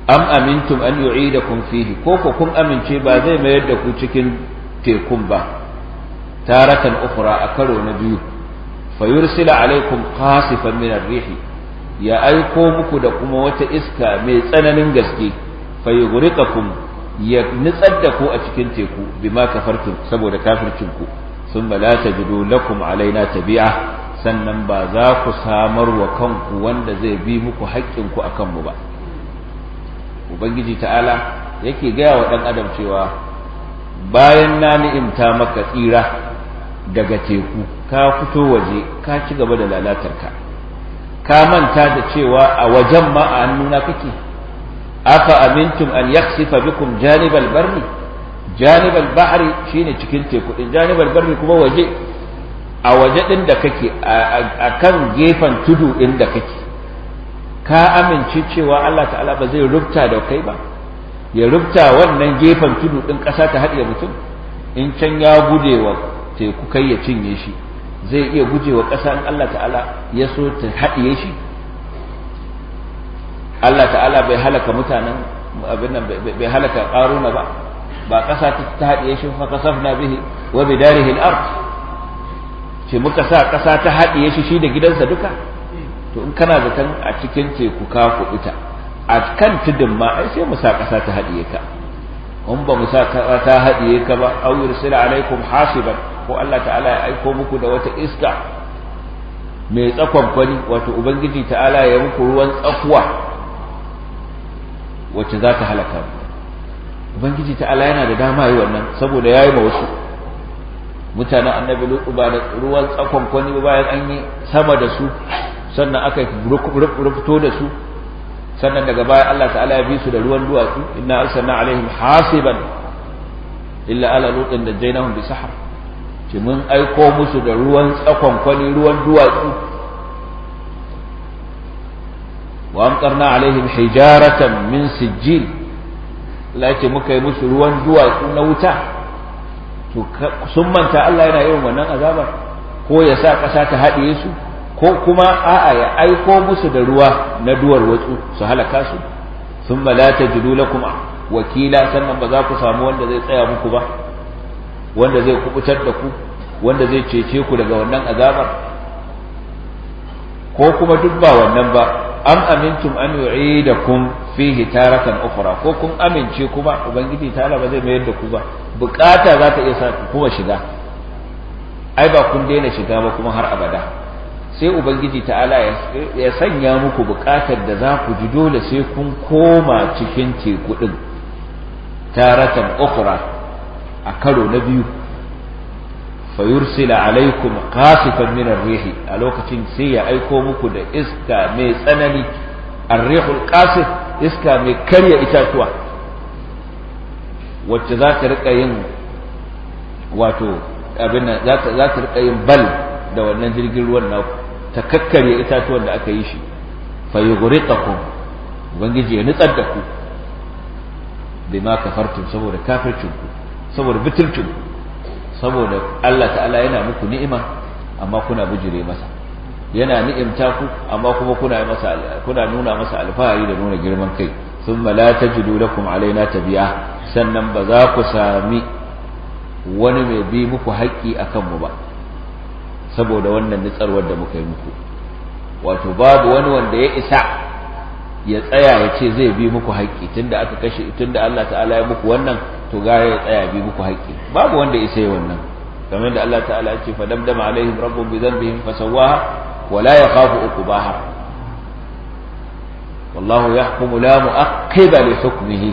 am amintum an yu'idakum fihi ko ko kun amince ba zai mayar da ku cikin tekun ba tarakan ukhra a karo na biyu fa yursila alaikum qasifan min ar-rihi ya aiko muku da kuma wata iska mai tsananin gaske fa yughriqakum ya nitsar da ku a cikin teku bima kafartum saboda kafircin ku thumma la tajidu lakum alaina tabi'a sannan ba za ku samar wa kanku wanda zai bi muku haƙƙin ku akan mu ba ubangiji ta'ala yake gaya wa ɗan adam cewa bayan na ni'imta maka tsira daga teku ka fito waje ka ci gaba da lalatarka ka manta da cewa a wajen ma a hannuna kake afa amintum an yaksifa bikum janibal barri janibal bahri shine cikin teku din janibal barri kuma waje a waje din da kake a kan gefen tudu din da kake ka amince cewa Allah ta'ala ba zai rubta da kai ba ya rubta wannan gefen tudu din ƙasa ta haɗe mutum in can ya wa teku kai ya cinye shi zai iya gujewa ƙasa in Allah ta'ala ya so ta haɗiye shi Allah ta'ala bai halaka mutanen abin nan bai halaka ƙaruna ba ba ƙasa ta ta haɗiye shi fa kasafna bihi wa bidarihi al-ard ce muka sa ƙasa ta haɗiye shi shi da gidansa duka to in kana zaton a cikin teku ka kubuta a kan tudun ma ai sai mu sa ƙasa ta haɗiye ka in ba mu sa ƙasa ta haɗiye ka ba aw yursila alaikum hasiban ko Allah ta'ala ya aiko muku da wata iska mai tsakon kwani wato ubangiji ta'ala ya muku ruwan tsakuwa wacce za ta halaka ubangiji ta'ala yana da dama yi wannan saboda ya yi ma wasu mutanen annabi lutu ba da ruwan tsakon kwani ba bayan an yi sama da su sannan aka rufto da su sannan daga baya Allah ta'ala ya bi su da ruwan duwatsu inna arsalna alaihim hasiban illa ala lutin najaynahum bi sahar ce mun aiko musu da ruwan tsakon kwani ruwan duwatsu wa amtarna alaihim hijaratan min sijil Allah ce muka yi musu ruwan duwatsu na wuta to sun manta Allah yana irin wannan azaba ko ya sa ƙasa ta haɗiye su ko kuma a'a ya aiko musu da ruwa na duwar wutsu su halaka su sun la tajidu lakum wakila sannan ba za ku samu wanda zai tsaya muku ba wanda zai kubutar da ku wanda zai cece ku daga wannan azabar ko kuma duk ba wannan ba am amintum an yu'idakum fihi taratan ukhra ko kun amince kuma ubangiji ta'ala ba zai mayar da ku ba bukata za ta iya sa ku kuma shiga ai ba kun daina shiga ba kuma har abada sai ubangiji ta'ala ya sanya muku bukatar da za ku ji dole sai kun koma cikin teku din taratan ukhra a karo na biyu fa yursila alaikum qasifan min ar a lokacin sai ya aiko muku da iska mai tsanani ar-rihul iska mai karya itatuwa wacce za ta rika yin wato abin za ta rika yin bal da wannan jirgin ruwan naku ta kakkarye itatuwan da aka yi shi fa yughriqakum ubangiji ya nutsar da ku bima kafartum saboda kafircin ku saboda bitircin ku saboda Allah ta'ala yana muku ni'ima amma kuna bujire masa yana ni'imta ku amma kuma kuna masa kuna nuna masa alfahari da nuna girman kai thumma la tajidu lakum alaina tabi'a sannan ba za ku sami wani mai bi muku haƙƙi akan mu ba saboda wannan nutsarwar da muka yi muku wato babu wani wanda ya isa ya tsaya ya ce zai bi muku haƙƙi tunda aka kashe tunda Allah ta'ala ya muku wannan to ga ya tsaya bi muku haƙƙi babu wanda ya isa ya wannan kamar da Allah ta'ala ya ce fa damdama alaihim rabbuhum bi dhanbihim fasawaha wa la yakhafu uqbaha wallahu yahkumu la mu'aqqiba li hukmihi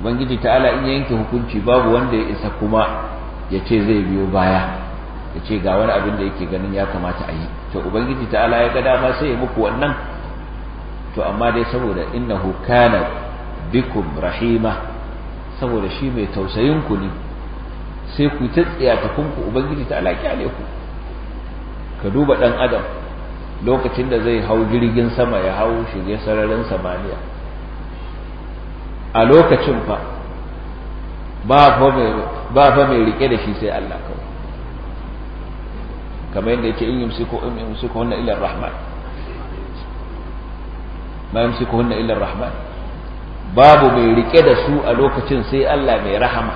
ubangiji ta'ala in yanke hukunci babu wanda ya isa kuma ya ce zai biyo baya ya ce ga wani abin da yake ganin ya kamata a yi to ubangiji ta ala ya ga dama sai ya muku wannan to amma dai saboda innahu kana bikum rahima saboda shi mai tausayin ku ne sai ku ta tsiyatakun ku ubangiji ta ala kyale ku ka duba dan adam lokacin da zai hau jirgin sama ya hau shige sararin samaniya a lokacin fa ba fa mai rike da shi sai Allah kawai kamar yadda yake in yumsiku in yumsiku hunna illa rahman ma yumsiku hunna illa rahman babu mai rike da su a lokacin sai Allah mai rahama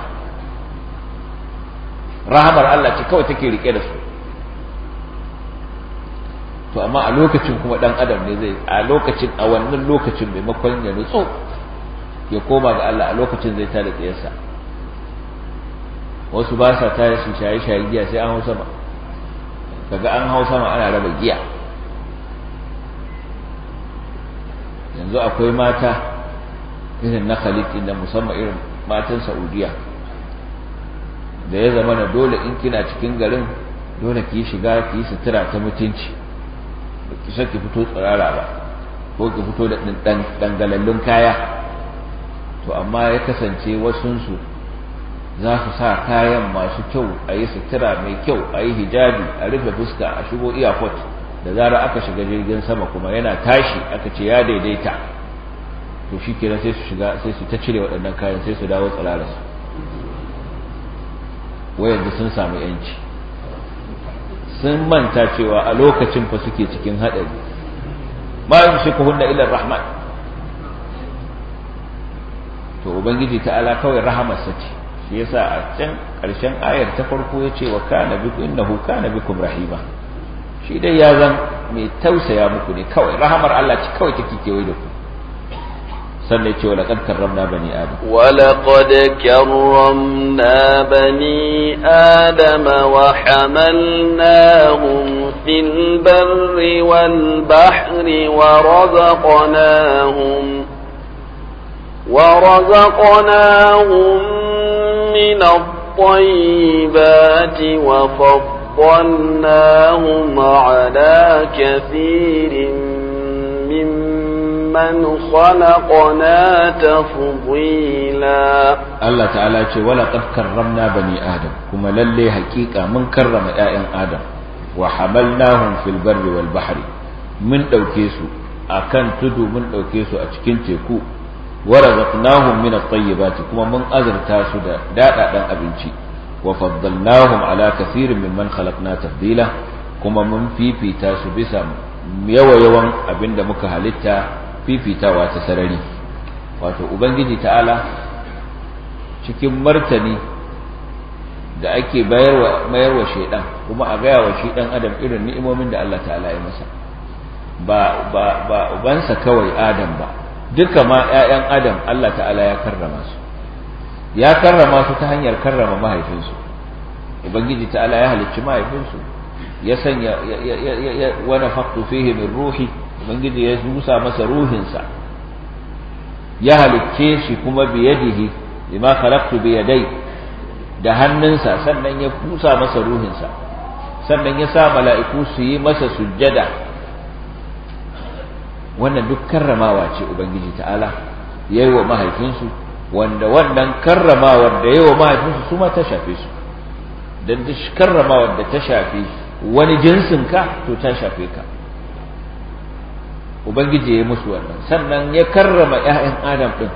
rahamar Allah ce kawai take rike da su to amma a lokacin kuma dan adam ne zai a lokacin a wannan lokacin maimakon ya nutso ya koma ga Allah a lokacin zai tada tsayarsa wasu ba sa tare su shaye shaye giya sai an hau sama kaga an hau sama ana raba giya yanzu akwai mata irin na Khalid da musamman irin matan Saudiya da ya zama na dole in kina cikin garin dole ki shiga ki sutura ta mutunci ba ki ki fito tsirara ba ko ki fito da dangalallun kaya to amma ya kasance wasunsu za su sa kayan masu kyau a yi sutura mai kyau a yi hijabi a rufe fuska a shigo airport da zara aka shiga jirgin sama kuma yana tashi aka ce ya daidaita to shi kira sai su shiga sai su ta cire waɗannan kayan sai su dawo su. wayar da sun samu yanci sun manta cewa a lokacin fa suke cikin haɗari ma na ilar rahman to ubangiji ta'ala kawai rahamarsa ce shi yasa a can ƙarshen ayar ta farko ya ce wa kana bikum innahu kana bikum rahima shi dai ya zan mai tausaya muku ne kawai rahamar Allah ce kawai take kewaye da ku sannan ya ce walaƙad karramna bani adam walaƙad karramna bani adam wa hamalnahum fil barri wal bahri wa razaqnahum ورزقناهم من الطيبات وفضلناهم على كثير ممن خلقنا تفضيلا الله تعالى ولقد كرمنا بني آدم كما للي حقيقة من كرم آئن آدم وحملناهم في البر والبحر من دوكيسو akan tudu mun dauke su a cikin teku wa razaqnahum min at-tayyibati kuma mun azurta su da dadadan abinci wa faddalnahum ala kathirin mimman khalaqna tafdila kuma mun fifita su bisa yawa-yawan da muka halitta fifita ta sarari wato ubangiji ta'ala cikin martani da ake bayarwa mayarwa shedan kuma a gaya wa shi dan adam irin ni'imomin da Allah ta'ala ya masa ba ba ubansa kawai adam ba duka ma 'ya'yan adam Allah ta'ala ya karrama su ya karrama su ta hanyar karrama mahaifinsu ubangiji ta'ala ya halicci mahaifinsu ya sanya wani faktu fihi min ruhi ubangiji ya musa masa ruhinsa ya halicce shi kuma biyadihi lima khalaqtu biyadai da hannunsa sannan ya busa masa ruhinsa sannan ya sa mala'iku su yi masa sujjada wannan duk karramawa ce ubangiji ta'ala yayi wa mahaifinsu wanda wannan karramawar da yayi wa mahaifinsu su ma ta shafe su dan duk karramawar da ta shafe wani jinsin ka to ta shafe ka ubangiji ya musu wannan sannan ya karrama ƴaƴan adam din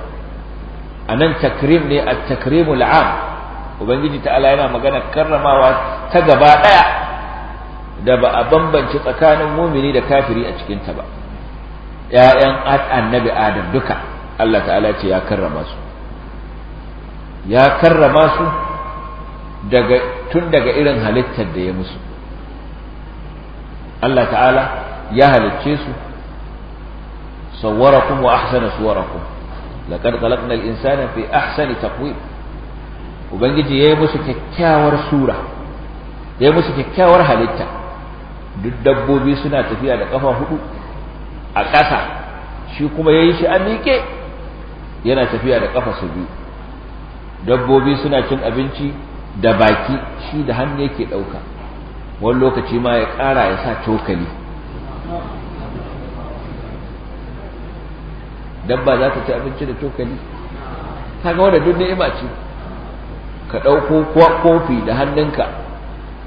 anan takrim ne at-takrimul 'am ubangiji ta'ala yana magana karramawa ta gaba daya da ba a bambance tsakanin mumini da kafiri a cikin ta ba ‘ya'yan annabi adam duka Allah ta'ala ce ya karrama su ya karrama su daga tun daga irin halittar da ya musu Allah ta'ala ya halicce su sawwarakum wa ahsana suwarakum laqad khalaqnal insana fi ahsani taqwim ubangiji yayi musu kyakkyawar sura yayi musu kyakkyawar halitta duk dabbobi suna tafiya da kafa hudu a ƙasa shi kuma ya yi shi a miƙe yana tafiya da ƙafa su biyu dabbobi suna cin abinci da baki shi da hannu yake ɗauka wani lokaci ma ya ƙara ya sa cokali dabba za ta ci abinci da cokali ta ga wadda duk ni'ima ce ka ɗauko kofi da hannunka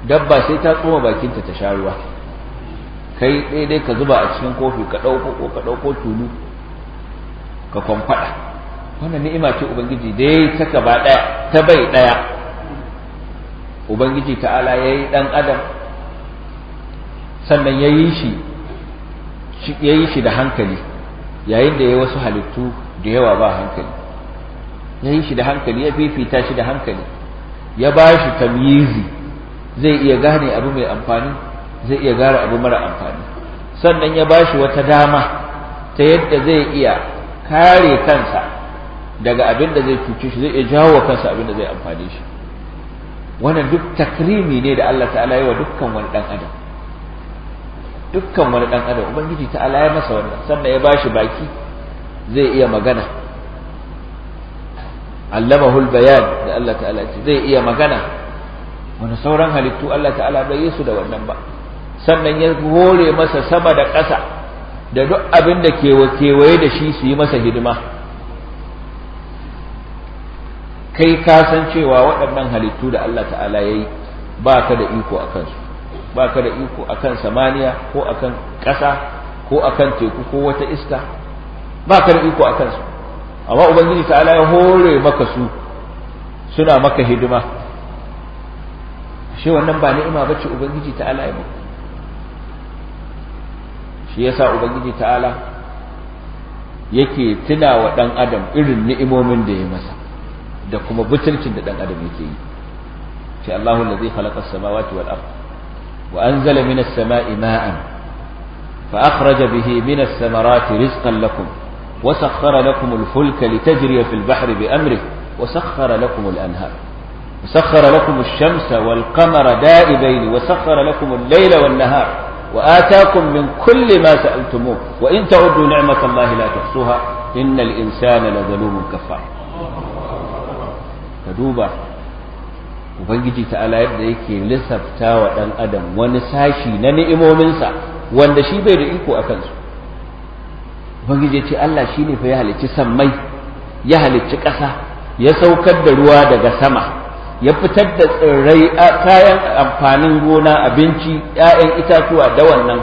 dabba sai ta tsoma bakinta ta sha ruwa kai daidai ka zuba a cikin kofi ka ɗauko ko ka ɗauko tulu ka kwamfada wannan ni'ima ce ubangiji da ya yi ta gaba ɗaya ta bai ɗaya ubangiji ta'ala ya yi ɗan adam sannan ya yi shi da hankali yayin da ya yi wasu halittu da yawa ba hankali ya yi shi da hankali ya fifita shi da hankali ya ba shi tamyizi zai iya gane abu mai amfani zai iya gara abu mara amfani sannan ya ba shi wata dama ta yadda zai iya kare kansa daga abin da zai cuce shi zai iya jawo kansa abin da zai amfani shi wannan duk takrimi ne da Allah ta'ala yi wa dukkan wani dan adam dukkan wani dan adam ubangiji ta'ala ya masa wannan sannan ya bashi baki zai iya magana allamahu bayan da Allah ta'ala ce zai iya magana wani sauran halittu Allah ta'ala bai yi su da wannan ba sannan ya hore masa sama da ƙasa da duk abin da kewaye da shi su yi masa hidima kai ka san cewa waɗannan halittu da Allah ta'ala ya yi ba ka da iko a kansu ba ka da iko a kan samaniya ko a kan ƙasa ko a kan teku ko wata iska ba ka da iko a kansu amma ubangiji ta'ala ya hore maka su suna maka hidima shi wannan ba ni'ima ba ce ubangiji ta'ala ya maka shi yasa ubangiji ta'ala yake tuna wa dan adam irin ni'imomin da ya masa da kuma butulcin da dan adam yake yi ce Allahu allazi khalaqa as-samawati wal ard wa anzala min as sama'i ma'an fa akhraja bihi min as samarati rizqan lakum wa sakhkhara lakum al-fulka litajriya fil bahri bi amrihi وسخر لكم الأنهار وسخر لكم الشمس والقمر دائبين وسخر لكم الليل والنهار وآتاكم من كل ما سألتموه وإن تعدوا نعمة الله لا تحصوها إن الإنسان لظلوم كفار فدوبا ubangiji Ala yadda yake lissafta wa ɗan adam wani sashi na ni'imominsa wanda shi bai da iko a kansu ubangiji ce Allah shi ne fa ya halicci sammai ya halicci ƙasa ya saukar da ruwa daga sama ya fitar da tsirrai kayan amfanin gona abinci 'ya'yan itatuwa da wannan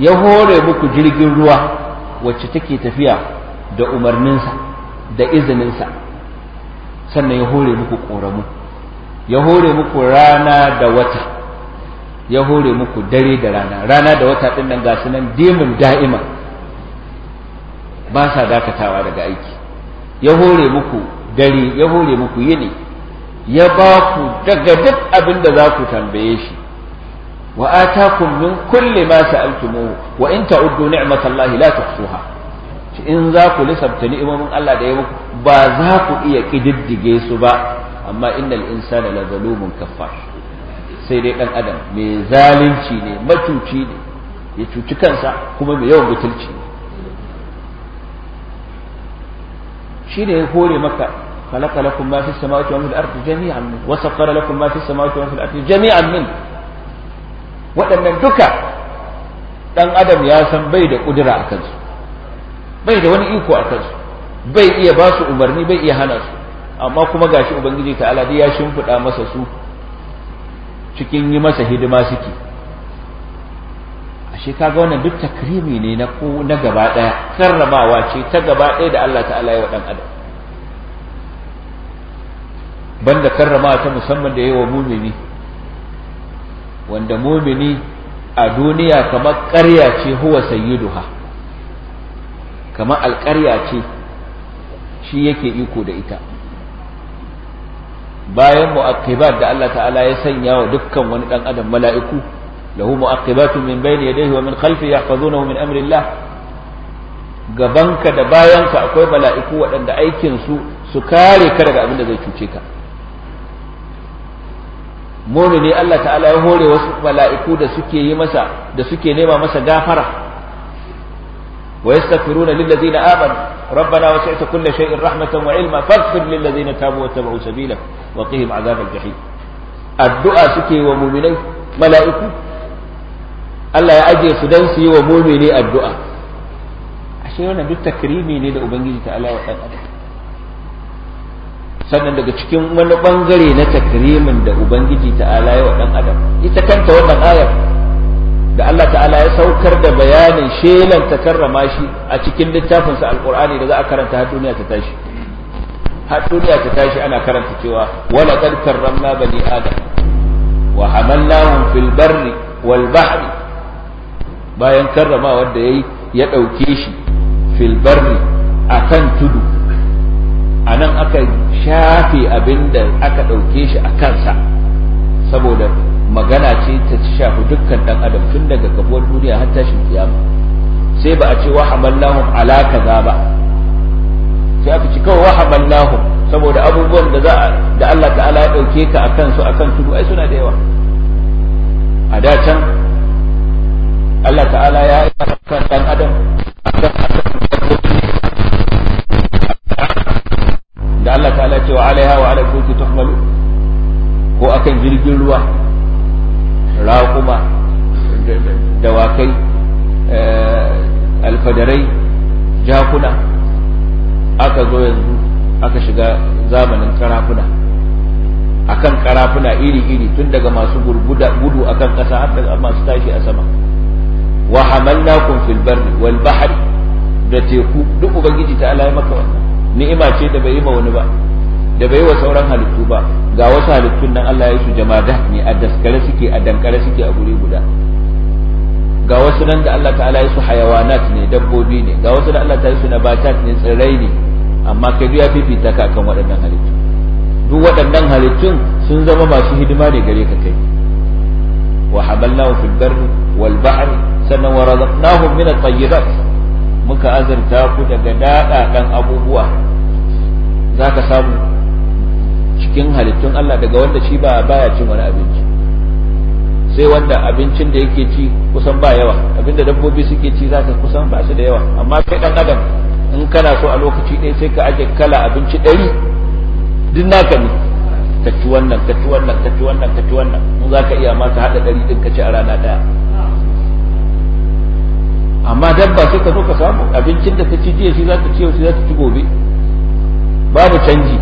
ya hore muku jirgin ruwa wacce take tafiya da umarninsa da izininsa sannan ya hore muku ƙoramu ya hore muku rana da wata ya hore muku dare da rana rana da wata ɗin nan ga su nan dimin da'ima ba sa dakatawa daga aiki ya hore muku dare ya hore muku yini ya ba ku daga duk abin da za ku tambaye shi wa atakum min kulli ma sa'altumuhu wa in ta'uddu ni'matallahi la tuhsuha in za ku lissafta ni'imomin Allah da ya muku ba za ku iya kididdige su ba amma innal insana la zalumun kaffar sai dai dan adam mai zalunci ne matuci ne ya cuci kansa kuma mai yawan butulci ne shi ne ya hore maka خلق لكم ما في السماوات وما في الأرض جميعا منه وسخر لكم ما في السماوات وما في الأرض جميعا منه waɗannan duka ɗan adam ya san bai da ƙudura a kansu bai da wani iko a kansu bai iya ba umarni bai iya hana su amma kuma gashi ubangiji ta aladi ya shimfiɗa masa su cikin yi masa hidima suke ashe kaga wannan duk takrimi ne na ko na gaba ɗaya karramawa ce ta gaba ɗaya da Allah ta'ala ya wa ɗan adam banda karrama ta musamman da yawa wa mumini wanda mumini a duniya kamar ƙarya ce huwa sayyiduha kamar alƙarya ce shi yake iko da ita bayan mu'aqibat da Allah ta'ala ya sanya wa dukkan wani dan adam mala'iku lahu mu'aqibatu min bayni yadayhi wa min khalfi yahfazunahu min amri Allah gabanka da bayanka akwai mala'iku waɗanda aikin su su kare ka daga abin da zai cuce ka mumini Allah ta'ala ya hore wasu mala'iku da suke yi masa da suke nema masa gafara wa yastaghfiruna lil ladzina amanu rabbana wasi'ta kulli shay'in rahmatan wa ilma faghfir lil ladzina tabu wa tabu sabila wa qihim azabal jahim addu'a suke wa muminai mala'iku Allah ya ajiye su dan su yi wa mumini addu'a ashe wannan duk takrimi ne da ubangiji ta ta'ala wa dan adam sannan daga cikin wani bangare na takrimin da ubangiji ta'ala ya wa dan adam ita kanta wannan ayar da Allah ta'ala ya saukar da bayanin shelan ta karrama shi a cikin littafin sa alqur'ani da za a karanta har duniya ta tashi har duniya ta tashi ana karanta cewa wala qad karramna bani adam wa hamalnahum fil barri wal bahri bayan karrama wanda yayi ya dauke shi fil barri akan tudu a nan aka shafe abin da aka ɗauke shi a kansa saboda magana ce ta shafi dukkan ɗan adam tun daga kafuwar duniya har tashin kiyama sai ba a ce wa hamallahu ala kaza ba sai aka ci kawai wa hamallahu saboda abubuwan da za da Allah ta'ala ya ɗauke ka akan su akan tudu ai suna da yawa a da can Allah ta'ala ya yi kan ɗan adam da Allah ta'ala ce wa alaiha wa ala kulki tuhmalu ko akan jirgin ruwa raƙuma dawakai eh, alfadarai jakuna aka zo yanzu aka shiga zamanin karafuna akan karafuna iri-iri tun daga masu gudu akan ƙasa har daga masu tashi a sama wa hamalnakum fil barri wal bahri da teku duk ubangiji ta ya maka wannan ni'ima ce da bai yi ma wani ba da bai wa sauran halittu ba ga wasu halittun nan Allah ya su jama'a ne a daskare suke a dankare suke a guri guda ga wasu nan da Allah ta'ala ya su hayawanat ne dabbobi ne ga wasu da Allah ta'ala ya su nabatat ne tsirrai ne amma kai ya fifita ka kan waɗannan halittu duk waɗannan halittun sun zama masu hidima ne gare ka kai wa haballahu fil barri wal ba'ri sannan wa razaqnahum min at-tayyibat muka azurta ku daga daɗaɗan abubuwa za ka samu cikin halittun Allah daga wanda shi ba baya cin wani abinci sai wanda abincin da yake ci kusan ba yawa abinda dabbobi suke ci za ka kusan ba su da yawa amma kai ɗan adam in kana so a lokaci ɗaya sai ka aje kala abinci ɗari duk naka ne ka ci wannan ka ci wannan ka ci wannan ka ci wannan mun za ka iya ma ka haɗa ɗari ɗin ka ci a rana ɗaya amma dabba sai ka zo ka samu abincin da ta ci jiya shi za ta ci shi za ta ci gobe babu canji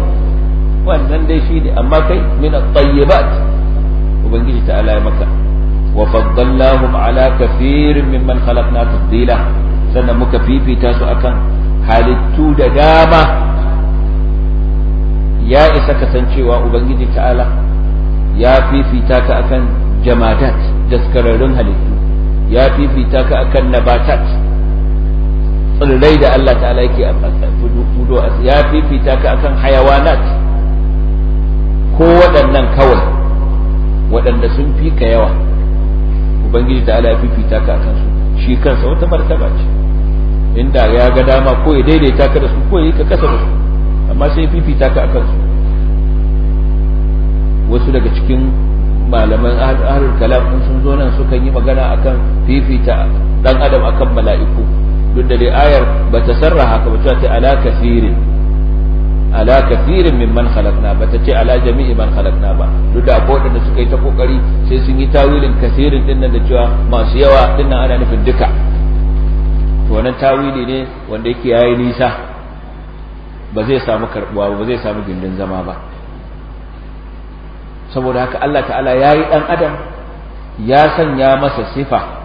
wannan dai shi ne amma kai min at-tayyibat ubangiji ta'ala ya maka wa faddallahum ala kathirin mimman khalaqna tafdila sannan muka fifita su akan halittu da dama ya isa ka san cewa ubangiji ta'ala ya fifita ka akan jamadat daskararrun halittu ya fifita ka akan nabatat tsirrai da Allah ta'ala yake fudo ya fifita ka akan hayawanat ko waɗannan kawai waɗanda sun fi ka yawa ubangiji ta'ala ya fifita ka akan su shi kansa wata martaba ce inda ya ga dama ko ya daidaita ka da su ko ya yi ka kasa da su amma sai fifita ka akan su wasu daga cikin malaman ahlul kalam sun zo nan sukan yi magana akan fifita dan adam akan mala'iku duk da dai ayar ta sarraha ka bata ce ala kafirin ala kafirin man khalaqna ta ce ala jami'i man khalaqna ba duk da ko da suka yi ta kokari sai sun yi tawilin kafirin din nan da cewa masu yawa din nan ana nufin duka to wannan tawili ne wanda yake yayi nisa ba zai samu karbuwa ba zai samu gindin zama ba saboda haka Allah ta'ala ya yi ɗan adam ya sanya masa sifa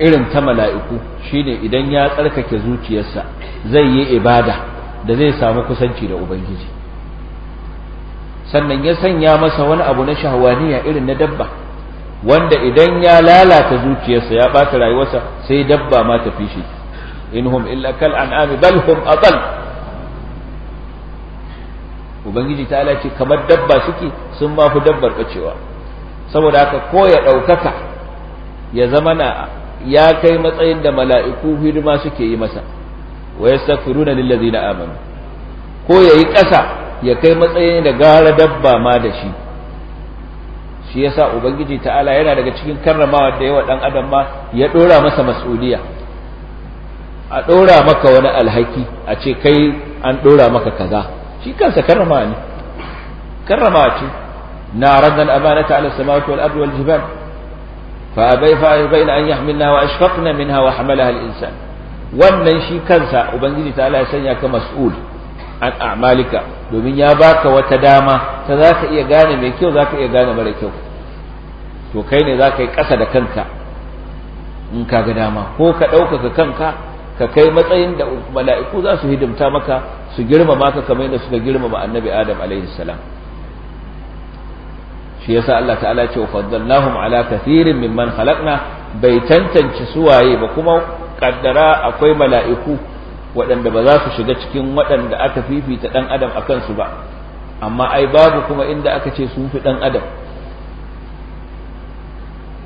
irin ta mala'iku shine idan ya tsarkake zuciyarsa zai yi ibada da zai samu kusanci da ubangiji sannan ya sanya masa wani abu na shahwaniya irin na dabba wanda idan ya lalata zuciyarsa ya ɓata rayuwarsa sai dabba ma ta fi shi in hum illa kal an'ami bal hum adall ubangiji ta ce kamar dabba suke sun ma fi dabbar bacewa saboda haka ko ya ɗaukaka ya zama na ya kai matsayin da mala'iku hidima suke yi masa wa yastaghfiruna lillazina amanu ko yayi ƙasa ya kai matsayin da gara dabba ma da shi shi yasa ubangiji ta'ala yana daga cikin karramawa da yawa dan adam ma ya ɗora masa mas'uliya a ɗora maka wani alhaki a ce kai an ɗora maka kaza shi kansa karrama ne karrama ce na radan amanata ala samawati wal ardi wal jibal fa abai fa abai an yahmilna wa ashfaqna minha wa hamalaha al insan wannan shi kansa ubangiji ta Allah ya sanya ka mas'ul an a'malika domin ya baka wata dama ta zaka iya gane mai kyau zaka iya gane mara kyau to kai ne zaka yi kasa da kanka in ka ga dama ko ka ɗaukaka kanka ka kai matsayin da mala'iku za su hidimta maka su girmama ka kamar yadda suka girmama annabi adam alaihi salam shi yasa Allah ta'ala ce wa faddalnahum ala kathirin mimman khalaqna bai tantance suwaye ba kuma kaddara akwai mala'iku waɗanda ba za su shiga cikin waɗanda aka fifita ɗan adam akan su ba amma ai babu kuma inda aka ce sun fi ɗan adam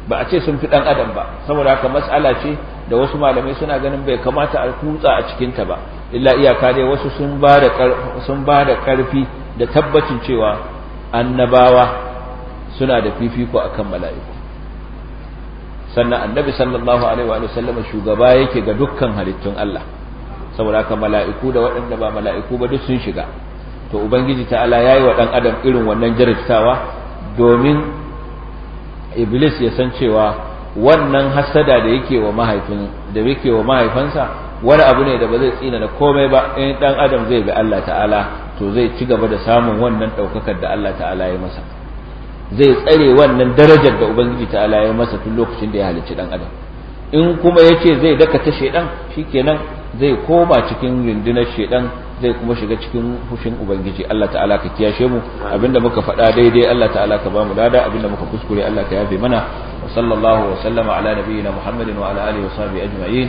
ba a ce sun fi ɗan adam ba saboda haka mas'ala ce da wasu malamai suna ganin bai kamata a kutsa a cikinta ba illa iyaka dai wasu sun ba da sun ba da karfi da tabbacin cewa annabawa suna da fifiko akan mala'iku sannan annabi sallallahu alaihi wa sallama shugaba yake ga dukkan halittun Allah saboda haka mala'iku da waɗanda ba mala'iku ba duk sun shiga to ubangiji ta'ala yi wa dan adam irin wannan jarabtawa domin iblis ya san cewa wannan hasada da yake wa mahaifin da yake wa mahaifansa wani abu ne da ba zai tsina da komai ba in dan adam zai bi Allah ta'ala to zai ci gaba da samun wannan daukakar da Allah ta'ala ya masa zai tsare wannan darajar da ubangiji ta'ala ya masa tun lokacin da ya halicci dan adam in kuma yace zai daka ta shedan shikenan zai koma cikin rundunar shedan zai kuma shiga cikin hushin ubangiji Allah ta'ala ka kiyashe mu abinda muka faɗa daidai Allah ta'ala ka bamu lada abinda muka kuskure Allah ka yafe mana wa sallallahu wa sallama ala nabiyyina muhammadin wa ala alihi wa sahbihi ajma'in